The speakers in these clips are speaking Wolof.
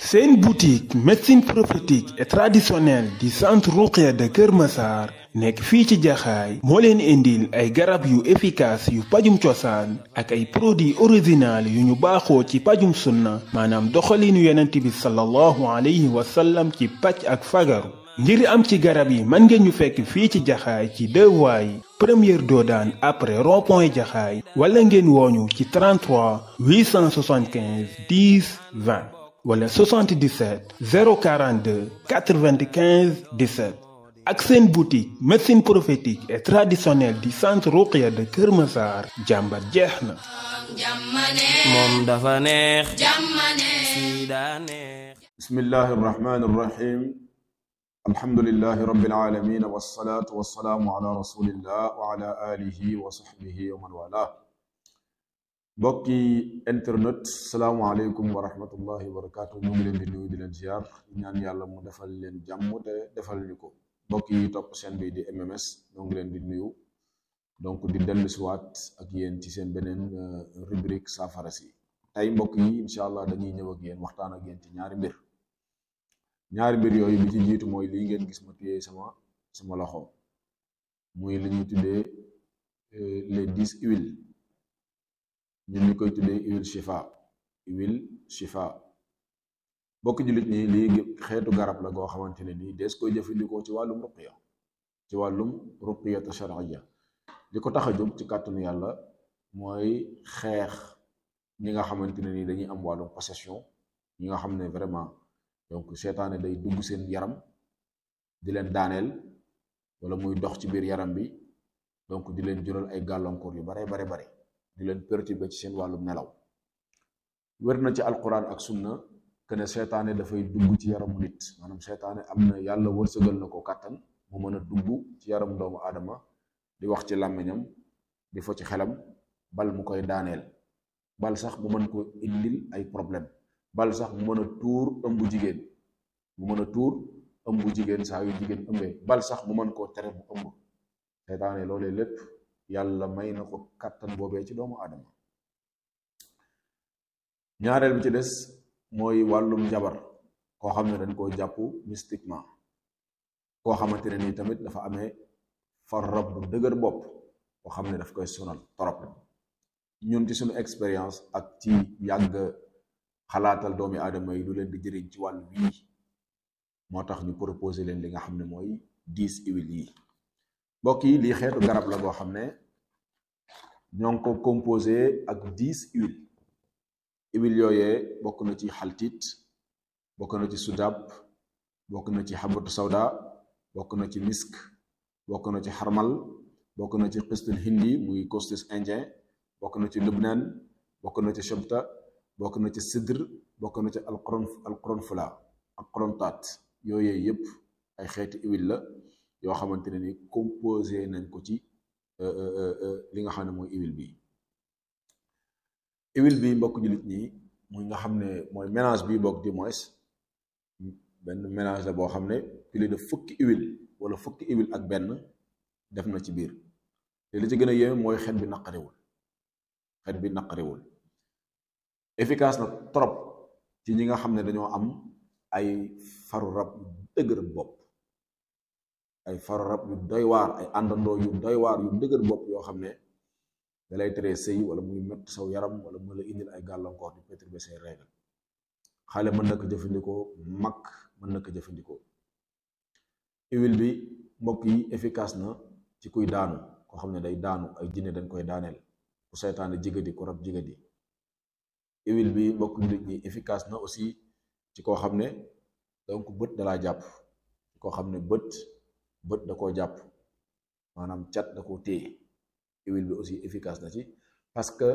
seen boutique médecine prophétique et traditionnelle di centre Ruqya de Kër Massar nekk fii ci jaxaay moo leen indil ay garab yu efficace yu pajum cosaan ak ay produits original yu ñu baaxoo ci pajum sunna maanaam doxalinu yonent bi sallallahu alayhi wa ci pàcc ak fagaru ngir am ci garab yi man ngeen ñu fekk fii ci jaxaay ci deux voies yi première doodaan après rond-point jaxaay wala ngeen wooñu ci 33 875 10 20 wala 77 042 95 17 ak seen boutique médecine prophétique et traditionnelle di centre Ruqya de Kër Massar jàmbat jeex na. moom dafa neex. bismillahi rahmaani rahim. الحمد لله رب العالمين والصلاة والسلام على رسول الله وعلى آله وصحبه ومن والاه بقي انترنت السلام عليكم ورحمة الله وبركاته نقول في نيو دي الزيار نيان يالا مو دافال لين جام مو دافال نيكو بقي توب سين بي دي ام ام اس نقول في نيو دونك دي دل سوات اك يين تي سين بنين ريبريك سافارسي تاي مبوكي ان شاء الله داني نيو اك يين واخطان اك يين تي نياري مير ñaari mbir yooyu bi ci jiitu mooy li ngeen gis ma téye sama sama loxo muy li ñu tuddee euh, les dix wil ñun ñu koy tuddee huile shifa huile shifa bokk julit ñi li xeetu garab la goo xamante ne nii dees koy jëfandikoo ci wàllum ruqiya ci wàllum ruqiya ta shar'iyya li ko tax a jóg ci kàttanu yàlla mooy xeex ñi nga xamante ne nii dañuy am wàllum possession ñi nga xam ne vraiment donc setan day dugg sen yaram di len danel wala muy dox ci bir yaram bi donc di len jural ay gàllankoor yu bare bare bare di len perturber ci sen walu nelaw werna ci alquran ak sunna que ne da fay dugg ci yaram nit manam seytaane amna yalla yàlla nako katan mu dugg ci yaram doomu adama di wax ci làmmiñam di fo ci xelam bal mu koy danel bal sax mu man ko indil ay problème bal sax mu meuna a tuur jigen mu meuna tour a jigen sa yu jigen ëmbee bal sax mu man ko tere bu ëmb seytaane lolé lepp yalla may na ko kàttan ci doomu adam ñaareel bi ci des moy walum jabar ko xamné dañ ko jàpp mystiquement ko xamante ni tamit dafa amé far rabb bu bop ko xamné daf koy sonal trop ñun ci sunu experience ak ci yagg xalaatal doomi aadama yi lu leen di jëriñ ci wàllu wii moo tax ñu proposé leen li nga xam ne mooy dix huiles yi mbokk yi lii xeetu garab la boo xam ne ñoo ko composé ak dix huiles huiles yooyee bokk na ci xaltit bokk na ci sudab bokk na ci xabatu sawda bokk na ci misk bokk na ci xarmal bokk na ci xistul hindi muy costus indien bokk na ci lubnan bokk na ci shobta bokk na ci sidr bokk na القرن alquran alquran fula ak qorontaat yooyee yëpp ay xeeti huile la yoo xamante ne ni composé nañ ko ci li nga xam ne mooy huile bi nga xamne moy mooy mélange bi bok di moins ben mélange la bo xamne ne plus de fukki huile wala fukki huile ak ben def na ci bir te li ci gëna a moy xet bi naqari wul xet bi naqari wul efficace na trop ci ñi nga xamne dañoo am ay faru rab yu dëgër ay faru rab yu doy war ay andando yu doy war yu dëgër bop yo xamne da lay tere wala muy mett saw yaram wala mu la indil ay galankor di perturber say règle xale mën na ko mak mag mën na ko jëfandikoo huile bi mbokk yi efficace na ci kuy daanu ko xamne day daanu ay jinne dañ koy daanel ko setan jigadi ko rab jigadi huile bi mbokk nit ñi efficace na aussi ci koo xam ne donc bët da laa jàpp ci koo xam ne bët bët da koo jàpp maanaam cat da koo téye bi aussi efficace na ci parce que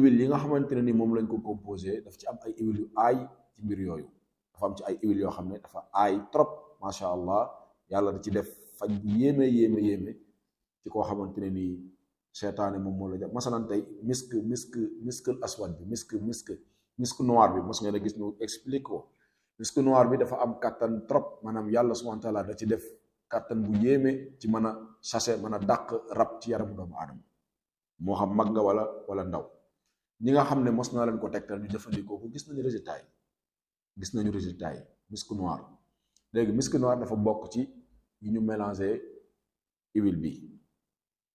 huile yi nga xamante ne ni moom lañ ko composé daf ci am ay huile yu aay ci mbir yooyu dafa am ci ay huile yoo xam ne dafa aay trop macha allah yàlla da ci def faj bu yéeme yéeme yéeme ci koo xamante ne nii setan mom mo la jàpp masalan tay misk misk miskul aswad bi misk misk misk noir bi mos ngeen a gis ñu explique ko misk noir bi dafa am katan trop manam yalla subhanahu taala da ci def katan bu yeme ci mana chasser mana dak rap ci yaramu do adam mo xam mag nga wala wala ndaw ñi nga xamne mos na leen ko tegtal ñu jëfandikoo ko gis nañu résultat yi gis nañu résultat yi misk noir léegi misk noir dafa bok ci yi ñu mélanger huile bi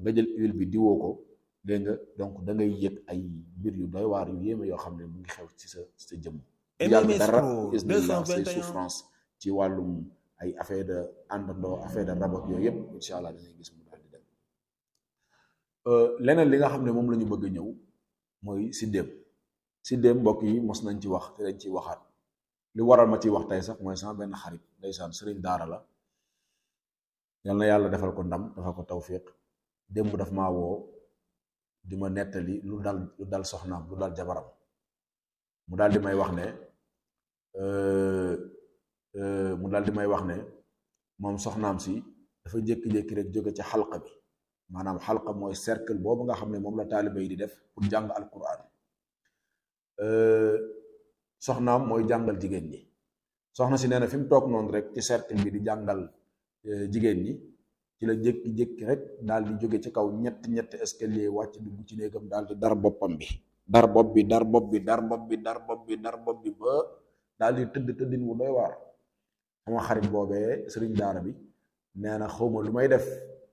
nga jël huile bi diwoo ko dégg nga donc da ngay yëg ay mbir yu doy waar yu yéeme yoo xam ne mu ngi xew ci sa sa jëmm. yàlla dara is say souffrance ci wàllum ay affaire de àndandoo affaire de rab yooyu yëpp incha allah dinañ gis mu daal di dem. Euh, leneen li nga xam ne moom la ñu bëgg a ñëw mooy siddéem siddéem mbokk yi mos nañ ci wax te dañ ciy waxaat li waral ma ciy wax tey sax mooy sama benn xarit ndeysaan sëriñ daara la yal na yàlla defal ko ndam defal ko tawfiq démb daf maa woo di ma nettali lu dal lu dal soxnaam lu dal jabaram mu daal di may wax ne euh, euh, mu daal di may wax ne moom soxnaam si dafa jékki-jékki rek jóge ci xalq bi maanaam xalq mooy cercle boobu nga xam ne moom la taaliba yi di def pour jàng alquran euh, soxnaam mooy jàngal jigéen ñi soxna si nee na fi mu toog noonu rek ci cercle bi di jàngal jigéen ñi. ci la jékki-jékki rek daal di jóge ci kaw ñetti ñetti escalier wàcc dugg ci néegam daal di dar boppam bi dar bopp bi dar bopp bi dar bopp bi dar bopp bi dar bopp bi daal di tëdd tëddin bu may waar sama xarit boobee sëriñ daara bi nee na xawma lu may def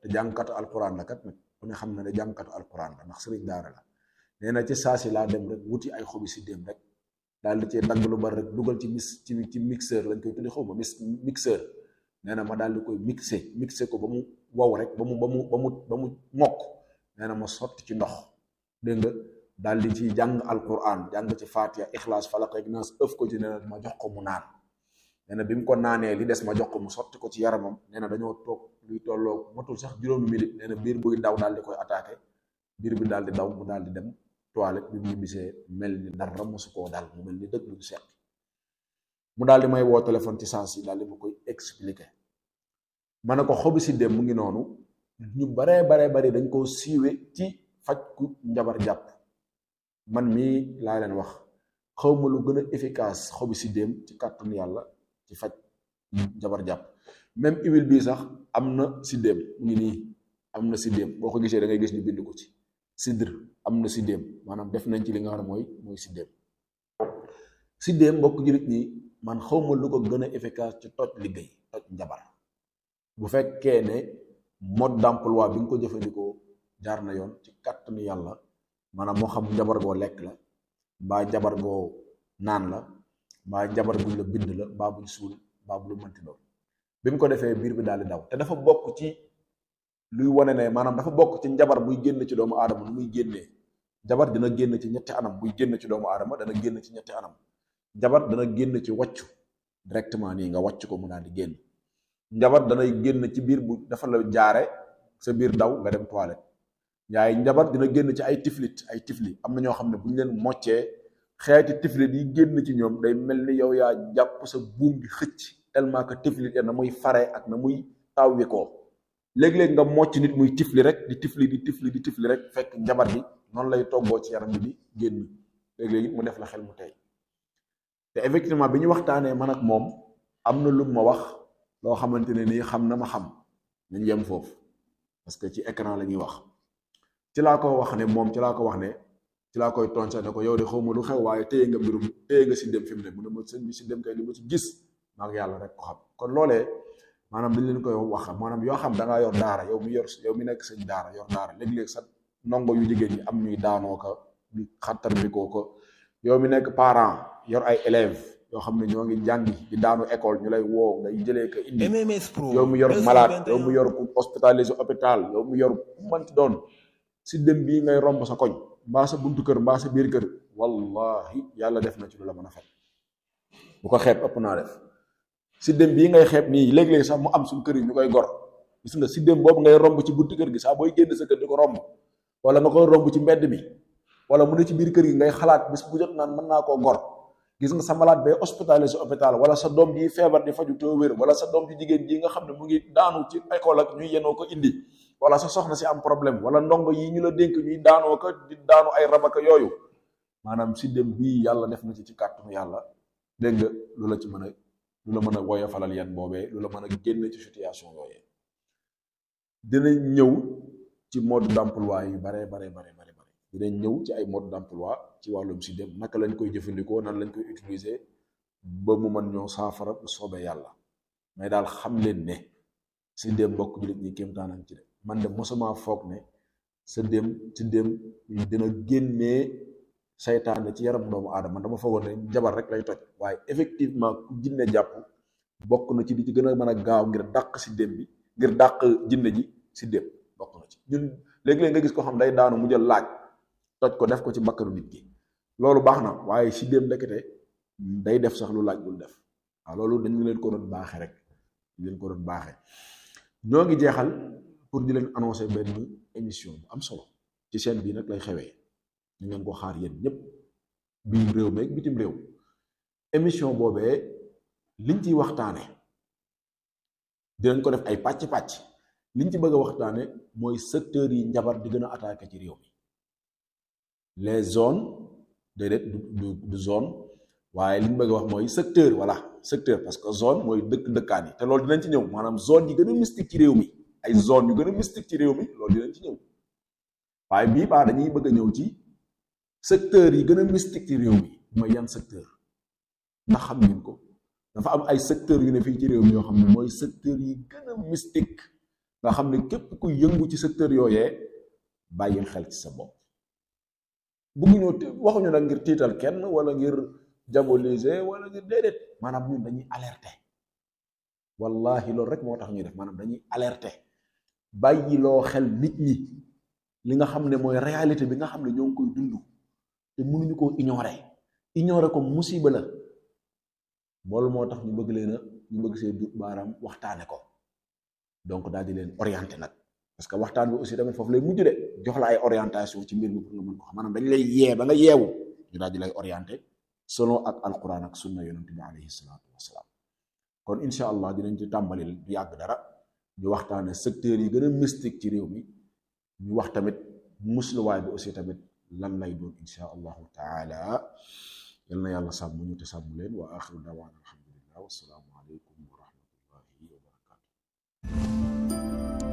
te jàngkatu alquran la kat nag ku ne xam na ne jàngkatu alquran la ndax sëriñ daara la nee na ci saa si laa dem rek wuti ay xobi si dem rek daal di cee dagg lu bari rek dugal ci mis ci ci mixeur lañ koy tuddi xawma mixeur nee na ma daal di koy mixé mixé ko ba mu wow rek ba mu ba mu ba mu ba mu mokk nee na ma sotti ci ndox dégg nga daal di ci jàng alquran jàng ci fatiha ixlaas falaq ak naas ko ci nee ma jox ko mu naan nee bi mu ko naanee li des ma jox ko mu sotti ko ci yaramam nee dañoo toog luy tolloo matul sax juróomi minute nee biir buy daw daal di koy attaque biir bi daal di daw mu daal di dem toilette bi mu bisee mel ni dara mosu koo daal mu mel ni dëgg lu seq mu daal di may woo téléphone ci sens yi daal di ma koy expliqué ma ne ko xobu siddéem mu ngi noonu ñu baree baree bari dañ koo siiwe ci faj ku njabar jàpp man mii laa leen wax xawma lu gën a efficace xobu siddéem dem ci kàttanu yàlla ci faj njabar jàpp même huile bii sax am na si mu ngi nii am na si boo ko gisee da ngay gis ñu bind ko ci sidr am na si maanaam def nañ ci li nga xam ne mooy mooy si dem mbokk jullit ñi man xaw ma lu ko gën efficace ci toj liggéey toj njabar bu fekkee ne dàmpul waa bi nga ko jëfandikoo jaar na yoon ci kàttanu yàlla maanaam moo xam jabar goo lekk la mbaa jabar goo naan la mbaa jabar buñ la bind la mbaa ñu suul mbaa bu lu mënti bi mu ko defee biir bi daal di daw te dafa bokk ci luy wane ne maanaam dafa bokk ci njabar buy génn ci doomu aadama nu muy génnee jabar dina génn ci ñetti anam buy génn ci doomu aadama dana génn ci ñetti anam jabar dana génn ci wàccu directement nii nga wàcc ko mu daal di génn njabar danay génn ci biir bu dafa la jaare sa biir daw nga dem toilette ñaay njabar dina génn ci ay tiflit ay tifli am na ñoo xam ne bu ñu leen moccee xeeti tiflit yi génn ci ñoom day mel ni yow yaa jàpp sa buum gi xëcc tellement que tiflit ya na muy fare ak na muy tawwi koo léegi léeg nga mocc nit muy tifli rek di tifli di tifli di tifli rek fekk njabar bi noonu lay toggoo ci yaram bi di génn léeg léegi it mu def la xel mu tey te effectivement bi ñu waxtaanee man ak moom am na lu ma wax loo xamante ne nii xam na ma xam nañ yem foofu parce que ci écran la ñuy wax ci laa ko wax ne moom ci laa ko wax ne ci laa koy tonca na ko yow de xaw ma lu xew waaye téye nga mbirum téye nga si dem fi mu ne mu ne ma si dem kay li ma si gis maag yàlla rek ko xam kon loole maanaam dañ leen koy wax maanaam yoo xam da ngaa yor daara yow mu yor yow mi nekk sëñ daara yor daara léeg-léeg sa nongo yu jigéen ñi am nuy daanoo ko di bi ko ko yow mi nekk parent yor ay élèves yoo xam ne ñoo ngi jàngi di daanu école ñu lay woo ngay jëlee ko indi. MMS yow mu yor malaat yow mu yor ku hospitalisé hôpital yow mu yor mënti doon si bii ngay romb sa koñ mbaa sa buntu kër mbaa sa biir kër wallahi yàlla def na ci lu la mën a faj bu ko xeeb ëpp naa def si bii ngay xeeb nii léeg-léeg sax mu am suñu kër yi ñu koy gor gis nga si dem boobu ngay romb ci buntu kër gi sax booy génn sa kër di ko romb wala nga koy romb ci mbedd mi wala mu ci biir kër gi ngay xalaat bis bu jot naan mën naa koo gor. gis nga sa malade bay hospitaliser hôpital wala sa dom bi fièvre di faju to wër wala sa dom bi jigen bi nga xamne mu ngi daanu ci école ak ñuy yéno ko indi wala sa soxna si am problème wala ndongo yi ñu la denk ñuy daanoo ko di daanu ay rabaka manam si dem bi yalla def na ci ci mu yalla dégg nga lu la ci mëna lu la mëna woyé falal yeen bobé lu la mëna genn ci situation yoyé dina ñëw ci mode d'emploi yu bare bare bare bare dinañ hmm. ñëw ci ay mode d'emploi ci wàllum siddéem dem naka lañ koy jëfandikoo nan lañ koy utiliser ba mu mën ñoo saafara bu soobee yàlla mais daal xam leen ne siddéem dem mbokk jullit ñi kéemtaan nañ ci de man de mosuma foog ne sa si dem dina génnee saytaane ci yaram doomu aadama dama foogoon ne jabar rek lay toj waaye effectivement ku jinne jàpp bokk na ci li ci gën a mën a gaaw ngir dàq si bi ngir dàq jinne ji si dem bokk na ci ñun léegi-léeg nga gis ko xam day daanu mu jël laaj toj ko def ko ci bakkanu nit ki loolu baax na waaye si dem ndekete day def sax lu laaj bul def waaw loolu dañu leen ko doon baaxee rek dañu leen ko doon baaxee ñoo ngi jeexal pour di leen annoncer benn émission am solo ci chaîne bii nag lay xewee ñu ngeen ko xaar yéen ñëpp biir réew meeg bitim réew émission boobee liñ ciy waxtaane dinañ ko def ay pàcc pàcc ñu ci bëgg a waxtaane mooy secteur yi njabar di gën a attaqué ci réew mi les zones déedéet du du zone waaye li ñu bëgg a wax mooy secteur voilà secteur parce que zone mooy dëkk dëkkaan yi te loolu dinañ ci ñëw maanaam zone yi gën a mystique ci réew mi ay zone yu gën a ci réew mi loolu dinañ ci ñëw waaye bii baa dañuy bëgg a ñëw ci secteur yi gën a mystique ci réew mi mooy yan secteur ndax xam ngeen ko dafa am ay secteur yu ne fii ci réew mi yoo xam ne mooy secteur yi gën a mystique nga xam ne képp ku yëngu ci secteur yooyee bàyyil xel ci sa bopp bëgguñoo waxuñu nag ngir tiital kenn wala ngir diaboliser wala ngir déedéet maanaam ñun dañuy alerter wallahi loolu rek moo tax ñuy def maanaam dañuy alerter bàyyiloo xel nit ñi li nga xam ne mooy réalité bi nga xam ne ñoo ngi koy dund te mënuñu koo ignorer ignorer ko musiba la boolu moo tax ñu bëgg leen ñu bëgg see dut baaraam waxtaane ko donc daal di leen orienté nag parce que waxtaan bi aussi tamit foofu lay mujj de jox la ay orientation ci mbir mi pour nga mën ko xam maanaam dañ lay yee ba nga yeewu ñu daal di lay orienté solo ak alquran ak sunna yonent bi alayhi kon incha allah dinañ ci tàmbali du yàgg dara ñu waxtaan waxtaane secteur yi gën a mystique ci réew mi ñu wax tamit musluwaay bi aussi tamit lan lay doon insha allahu taala yal na yàlla sàmm ñu te sàmm leen wa axiru dawaan alhamdulillah wasalaamu aleykum wa